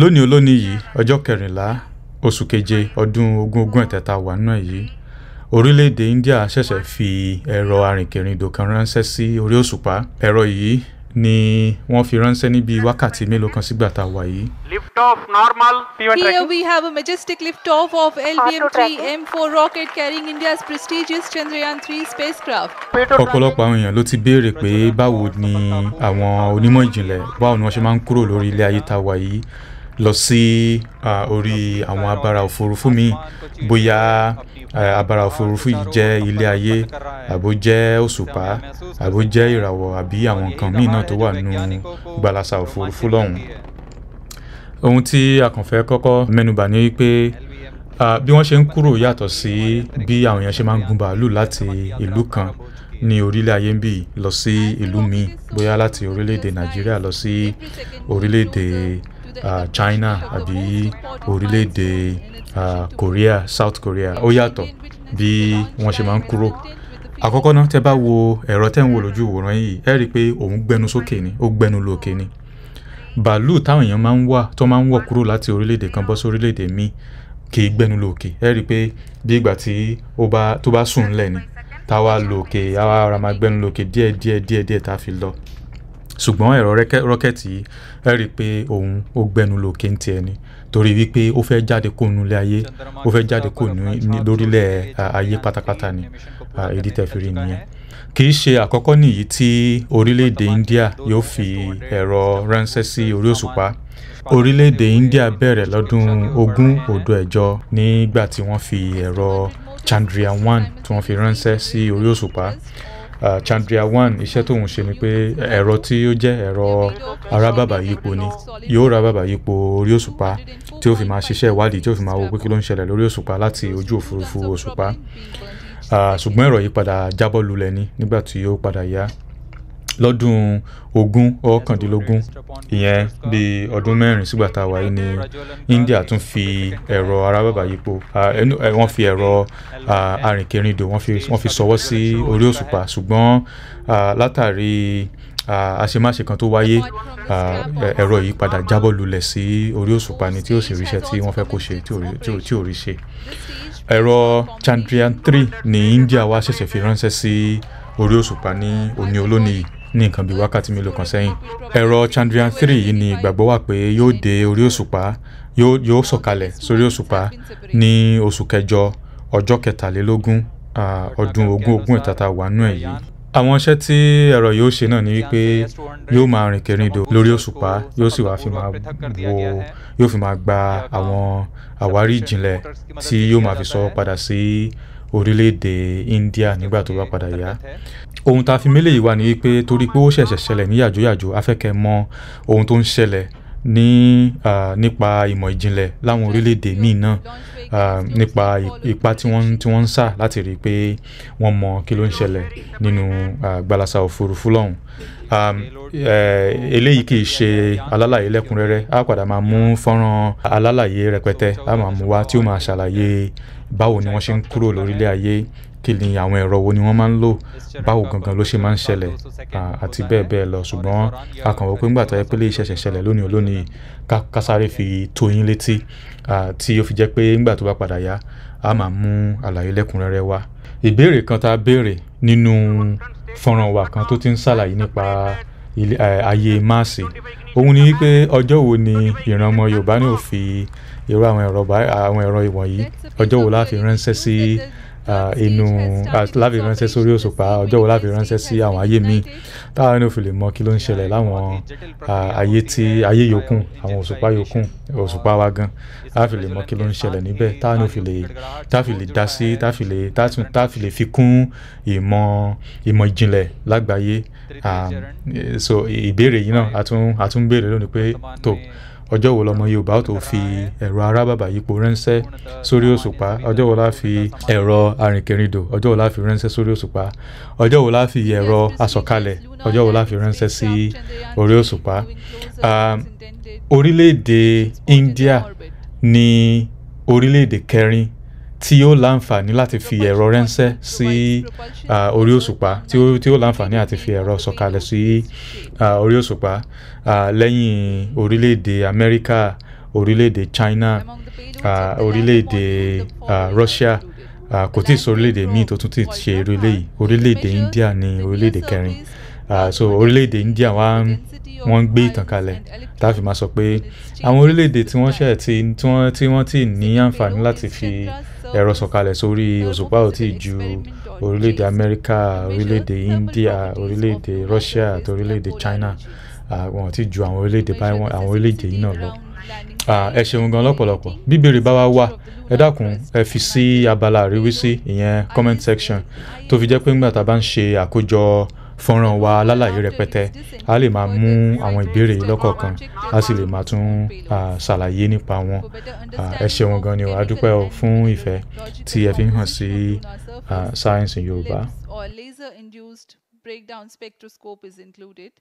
lónìí olónìí yìí ọjọ́ kẹrìnlá oṣù keje ọdún ogún ogún ẹ̀tẹ̀ta wà nínú èyí orílẹ̀-èdè India ṣẹ̀ṣẹ̀ fi ẹ̀rọ arìnkèrìndò kan ránṣẹ́ sí orí òṣùpá ẹ̀rọ yìí ni wọ́n fi ránṣẹ́ ní wákàtí mélòó kan sígbà tá a wà yìí. Here we have a majestic liftoff of LVM-3 M4 rocket carrying India's prestigious Chandrayaan-3 spacecraft. ọ̀pọ̀lọpọ̀ àwọn èèyàn ló ti béèrè pé báwo ni àwọn onímọ̀ ìjìnlẹ̀ báwo ni wọ́n ṣe máa ń kúrò lórí ilé ayé tá a wà yìí lọ sí orí àwọn abara òfurufú míì bóyá abara òfurufú yìí jẹ́ ilé ayé àbó jẹ́ òṣùpá àbó jẹ́ ìràwọ̀ àbí àwọn nǹkan míì náà tó wà nínú gbalasa òfurufú lọ́hùn. ohun tí a kàn fẹ́ kọ́kọ́ mẹ́nubà ni wípé bí wọ́n ṣe ń kúrò yàtọ̀ sí bí àwọn èèyàn ṣe máa ń gun bàálù láti ìlú kan ní orílẹ̀ ayé ń bì lọ sí ìlú míì bóyá láti orílẹ̀-èdè nàìjíríà lọ sí orílẹ̀-èdè Uh, China àbí orílẹ̀-èdè uh, Korea South Korea ó yàtọ̀ bí wọ́n ṣe máa ń kúrò àkọ́kọ́ náà tẹ́ bá wo ẹ̀rọ tẹ́ ń wò lójú ìwòran yìí ẹ rí i pé òun gbẹnu sókè ni ó gbẹnu lókè ni bàálù táwọn èèyàn máa ń wà tó máa ń wọ̀ kúrò láti orílẹ̀-èdè kan bọ́ sí orílẹ̀-èdè míì kì í gbẹnu lókè ẹ rí i pé bí ìgbà tí tó bá sùn ńlẹ̀ ni táwa lókè àwa ara máa gbẹnu lókè díẹ̀ díẹ̀ tá a fi lọ ṣùgbọ́n ẹ̀rọ rọ́kẹ̀tì ẹ rí i pé òun ó gbẹnu lò kéńtì ẹni torí wípé ó fẹ́ jáde kó nulẹ̀ ayé ó fẹ́ jáde kó lórílẹ̀ ayé pátápátá ni ìdí tẹ̀ fi rí nìyẹn kì í ṣe àkọ́kọ́ nìyí tí orílẹ̀-èdè India yóò fi ẹ̀rọ ránṣẹ́ sí orí òṣùpá orílẹ̀-èdè India bẹ̀rẹ̀ lọ́dún ogún odò ẹ̀jọ nígbà tí wọ́n fi ẹ̀rọ Chandrayaan-1 tí wọ́n fi ránṣẹ́ sí orí òṣùpá Ah, Chandria one 1 iṣẹ́ tóun ṣe ni pé ẹ̀rọ tí ó jẹ́ ẹ̀rọ arábàbà yípo ni yóò rábàbà yípo orí òṣùpá tí ó fi máa ṣiṣẹ́ ìwádìí tí ó fi máa wo pé kí ló ń ṣẹlẹ̀ lórí òṣùpá láti ojú òfurufú òṣùpá ah, ṣùgbọ́n ẹ̀rọ yìí padà jábọ́ lulẹ̀ ni nígbà tí ó padà yá lọ́dún ogún ọ̀kàndínlógún ìyẹn bíi ọdún mẹ́rin sígbà tá a wáyé ní India tún fi ẹ̀rọ arábàbà yípo wọ́n fi ẹ̀rọ arìnkèrindò wọ́n fi sọwọ́ sí orí òṣùpá ṣùgbọ́n látàrí àṣemáṣe kan tó wáyé ẹ̀rọ yìí padà jábọ́ lulẹ̀ sí orí òṣùpá ni tí ó sì ríṣẹ́ tí wọ́n fẹ́ kó ṣe tí ò rí ṣe ẹ̀rọ Chandrayaan-3 ní India wá ṣẹ̀ṣẹ̀ fi ránṣẹ́ sí orí òṣùpá ní òní olónìí ní nǹkan bíi wákàtí mélòó kan sẹ́yìn. ẹ̀rọ Chandrayaan-3 yìí ni ìgbàgbọ́ wà pé yóò dé orí òṣùpá yóò sọ̀kalẹ̀ sórí òṣùpá ní oṣù kẹjọ ọjọ́ kẹtàlélógún ọdún ogún ogún ẹ̀tàtà wà nù ẹ̀ yìí. àwọn iṣẹ́ tí ẹ̀rọ yóò ṣe náà ni wípé yóò máa rìn kẹrìndò lórí òṣùpá yóò sì wá fi máa wo yóò fi máa gba àwọn àwárí ìjìnlẹ̀ tí yóò máa fi sọ padà sí orílẹ̀-èdè India nígbà tó bá padà yá ohun tá a fi mélèyí wà ni wípé torí pé ó ṣẹ̀ṣẹ̀ ṣẹlẹ̀ ní yàjóyàjó afẹ́kẹ́ mọ ohun tó ń ṣẹlẹ̀ ní nípa ìmọ̀ ìjìnlẹ̀ láwọn orílẹ̀-èdè míì náà nípa ipa tí wọ́n tí wọ́n ń sà láti rí i pé wọ́n mọ kí ló ń ṣẹlẹ̀ nínú gbalasa òfurufú lọ́hùn eléyìí kì í ṣe alálàyé lẹ́kùnrẹ́rẹ́ á padà máa mú fọ́nrán alálàyé rẹpẹtẹ á máa mú wá tí ó máa ṣàlàyé báwo ni wọ́n ṣe ń kúrò lórílẹ̀ ayé kí ni àwọn ẹ̀rọ wo ni wọ́n máa ń lò báwo gangan ló ṣe máa ń ṣẹlẹ̀ àti bẹ́ẹ̀ bẹ́ẹ̀ lọ ṣùgbọ́n a kàn wọ́n pé ńgbà tó yẹ pé lè ṣẹ̀ṣẹ̀ ṣẹlẹ̀ lónìí olónìí ká fi tó yín létí tí ó fi jẹ́ pé ńgbà tó bá padà yá a máa mú àlàyé lẹ́kùnrẹ́rẹ́ wá. ìbéèrè kan tá a béèrè nínú fọ́nrán wa kan tó ti ń ṣàlàyé nípa ayé máàsì òun ni pé ọjọ́ wo ni ìran ọmọ yorùbá ní òfin irú àwọn ẹ̀rọ ìwọ̀nyí ọjọ́ wo la ránṣẹ́ sí Ah, inú ah, láfi ránṣẹ́ sórí òṣùpá ọjọ́ wo láfi ránṣẹ́ sí àwọn ayé míì táwọn ẹni òfin lè mọ kí ló ń ṣẹlẹ̀ láwọn ah, ayé tí ayé yòókù àwọn òṣùpá yòókù òṣùpá wa gan táfi lè mọ kí ló ń ṣẹlẹ̀ níbẹ̀ táwọn òfin lè táfi lè dá sí táfi lè táfi lè fi kún ìmọ̀ ìmọ̀ ìjìnlẹ̀ lágbàáyé so ìbéèrè yìí náà a tún a tún béèrè lónìí pé tó ọjọ́ wo lọmọ yorùbá tó fi ẹ̀rọ arábàbà yípo ránṣẹ́ sórí òṣùpá ọjọ́ wo la fi ẹ̀rọ arìnkèrindò ọjọ́ wo la fi ránṣẹ́ sórí òṣùpá ọjọ́ wo la fi ẹ̀rọ asọ̀kalẹ̀ ọjọ́ wo la fi ránṣẹ́ sí orí òṣùpá orílẹ̀-èdè india ní orílẹ̀-èdè kẹrin tí ó láǹfààní láti fi ẹ̀rọ ránṣẹ́ sí orí òṣùpá tí ó láǹfààní àti fi ẹ̀rọ sọ̀kalẹ̀ sí orí òṣùpá lẹ́yìn orílẹ̀-èdè Amẹ́ríkà orílẹ̀-èdè China orílẹ̀-èdè Russia kò tí ì sọ orílẹ̀-èdè míì tó tún ti ṣe irú eléyìí orílẹ̀-èdè India ni orílẹ̀-èdè kẹrin so orílẹ̀-èdè India wa wọ́n ń gbé ìtànkálẹ̀ tá a fi máa sọ pé àwọn orílẹ̀-èdè tí wọ́n ṣẹ̀ tí wọ́n tí ní àǹfààní láti fi ẹ̀rọ sọ̀kalẹ̀ sórí òṣùpá ò tí ì ju orílẹ̀-èdè amẹ́ríkà orílẹ̀-èdè e india orílẹ̀-èdè russia àti orílẹ̀-èdè china wọn ò tí ì ju àwọn orílẹ̀-èdè báyìí àwọn e orílẹ̀-èdè yìí náà lọ ẹ ṣeun gan lọ́pọ̀lọpọ̀ bíbèrè bá wa wá e ẹ dákun ẹ fi sí abala àríwísí ìyẹn comment section tó fi jẹ́ pé ńgbà tá a bá ń ṣe àkójọ fọ́nrán wa alálàyé rẹpẹtẹ a lè máa mú àwọn ìbéèrè lọ́kọ̀ọ̀kan a sì lè máa tún ṣàlàyé nípa wọn ẹ ṣeun gan ni o a o fún ìfẹ́ tí ẹ fi ń hàn sí sáyẹ́nsì Yorùbá. Or laser-induced breakdown spectroscope is included.